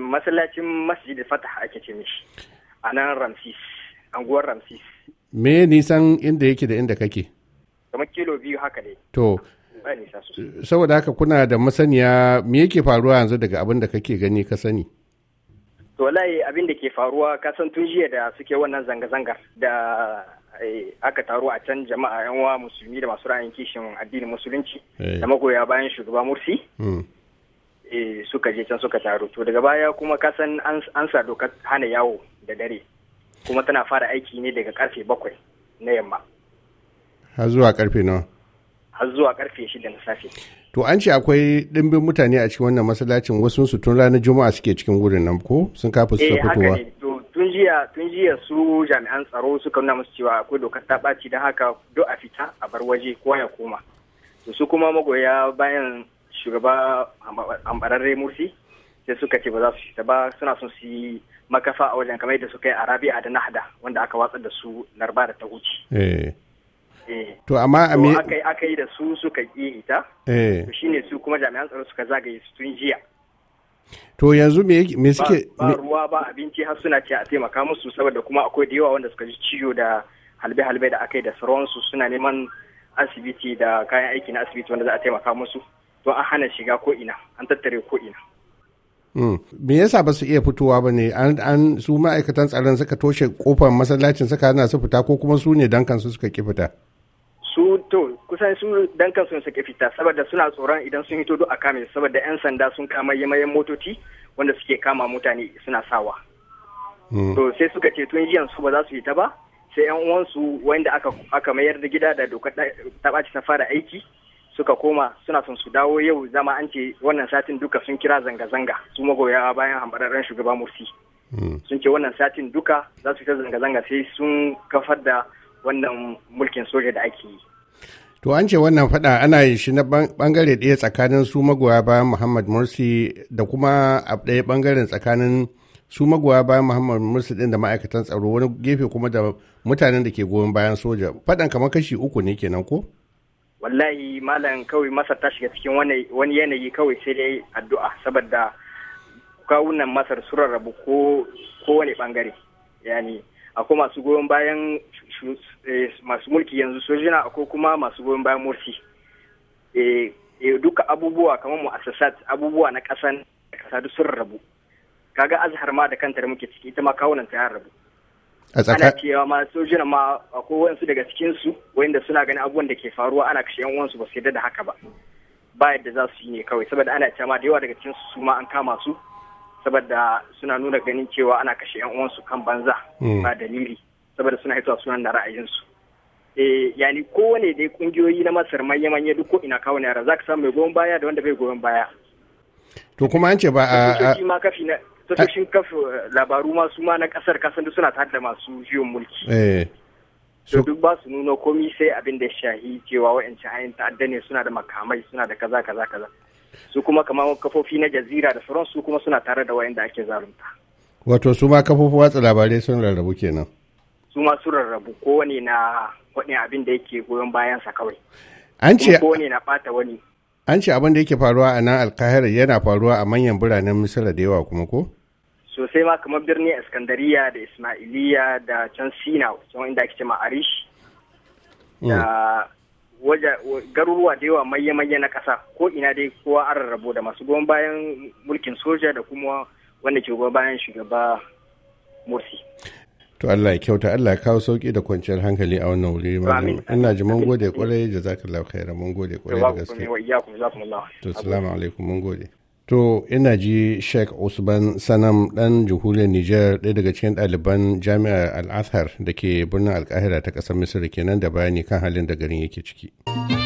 masallacin masjid fatah ake ce mishi a nan ramsis anguwar ramsis me nisan inda yake da inda kake kamar kilo biyu haka ne to saboda haka kuna da masaniya me yake faruwa yanzu daga abin da kake gani ka sani to wallahi abin da ke faruwa ka san tun jiya da suke wannan zanga-zangar da eh, aka taru a can jama'a yan wa musulmi da masu ra'ayin kishin addinin musulunci eh. da magoya bayan shugaba mursi hmm. Eh, suka je can suka taru to daga baya kuma kasan an sa dokar hana yawo da dare kuma tana fara aiki ne daga karfe bakwai na yamma har zuwa karfe nawa har zuwa karfe shida na safe to an ce akwai dimbin mutane a cikin wannan masallacin wasu su tun ranar juma'a suke cikin wurin nan ko sun kafa su eh, fitowa tun jiya tun jiya su jami'an tsaro suka nuna musu cewa akwai dokar ta ɓaci don haka duk a fita a bar waje kowa ya koma to su kuma magoya bayan shugaba ambararre mursi sai suka ce ba za su shi ba suna son su yi makafa a wajen kamar yadda suka yi arabiya da nahda wanda aka watsar da su narba da ta wuce eh. Eh. to amma a me aka aka yi da su suka yi ita eh. to shine su kuma jami'an tsaro suka zagaye su tun jiya to yanzu me me suke ba ruwa ba abinci har suna ce a taimaka musu saboda kuma akwai da yawa wanda suka ji ciwo da halbe-halbe da aka yi da sauransu suna neman asibiti da kayan aiki na asibiti wanda za a taimaka musu to an hana shiga ko ina an tattare ko ina hmm. me yasa ba su iya fitowa ba ne an su ma'aikatan tsaron suka toshe kofar masallacin suka hana su fita ko kuma su ne dan kansu suka ki fita su to kusan su dan kansu suka fita saboda suna tsoron idan sun hito duk a kame saboda yan sanda sun kama yamayen motoci wanda suke kama mutane suna sawa hmm. to sai suka ce tun jiyan su ba za su fita ba sai yan uwansu wanda aka mayar da gida da dokar ta ɓaci ta fara aiki suka koma suna son su dawo yau zama an ce wannan satin duka sun kira zanga-zanga su magoya bayan hambararren shugaba Morsi. Hmm. Sun ce wannan satin duka za su ta zanga-zanga sai sun kafar da wannan mulkin soja da ake yi. To an ce wannan fada ana yi shi na bangare ɗaya tsakanin su magoya bayan Muhammad Morsi da kuma a ɗaya bangaren tsakanin su magoya bayan Muhammad Morsi ɗin da ma'aikatan tsaro wani gefe kuma da mutanen da ke goyon bayan soja. fadan kamar kashi uku ne kenan ko? wallahi malam kawai masar ta shiga cikin wani yanayi kawai sai dai addu'a saboda kawunan masar su rarrabu ko wani bangare yani akwai masu goyon bayan eh, masu mulki yanzu sojina akwai kuma masu goyon bayan morsi eh, eh, duka abubuwa kamar mu asasat abubuwa na kasa duk sun rarrabu kaga azhar ma da kanta da muke ciki ita ma kawunan ta rarrabu ana cewa ma sojina ma akwai wasu daga cikin su wayanda suna ganin abubuwan da ke faruwa ana kashe yan uwansu ba su yadda da haka ba ba yadda za su yi ne kawai saboda ana cewa ma da yawa daga cikin su ma an kama su saboda suna nuna ganin cewa ana kashe yan uwansu kan banza hmm. ba dalili saboda suna hitowa sunan da su eh yani kowane dai kungiyoyi na masar manya-manya duk ko ina kawo yara zaka samu mai goyon baya da wanda bai goyon baya to kuma an ce ba a tashoshin shinkafa labaru masu ma na kasar kasan duk suna ta da masu jiyon mulki eh. so duk ba su nuna komi sai abin da shahi cewa wa'ancan ayin ta'adda ne suna da makamai suna da kaza kaza kaza su kuma kamar kafofi na jazira da sauran su kuma suna tare da wa'anda ake zalunta wato su ma kafofin watsa labarai sun rarrabu kenan su ma sun rarrabu kowane na wani abin da yake goyon bayansa kawai an ce kowane na bata wani An ce abin da yake faruwa a nan alkahira yana faruwa a manyan biranen Misira da yawa kuma ko? Sosai ma kamar birni Iskandariya da Ismailiya da can Sina can inda ake ce Arish. Hmm. Da garuruwa da yawa manya-manya na ƙasa ko ina dai kowa an rarrabo da masu goma bayan mulkin soja da kuma wanda ke goma bayan shugaba Morsi. to Allah ya kyauta Allah ya kawo sauki da kwanciyar hankali a wannan wuri malam ina ji mun gode kwarai jazakallahu kaira mun gode kwarai da gaske to assalamu alaikum mun gode To ina ji Sheikh Usman Sanam dan jihuriyar Nijar ɗaya daga cikin ɗaliban jami'ar Al-Azhar da ke birnin Alkahira ta ƙasar Misir kenan da bayani kan halin da garin yake ciki.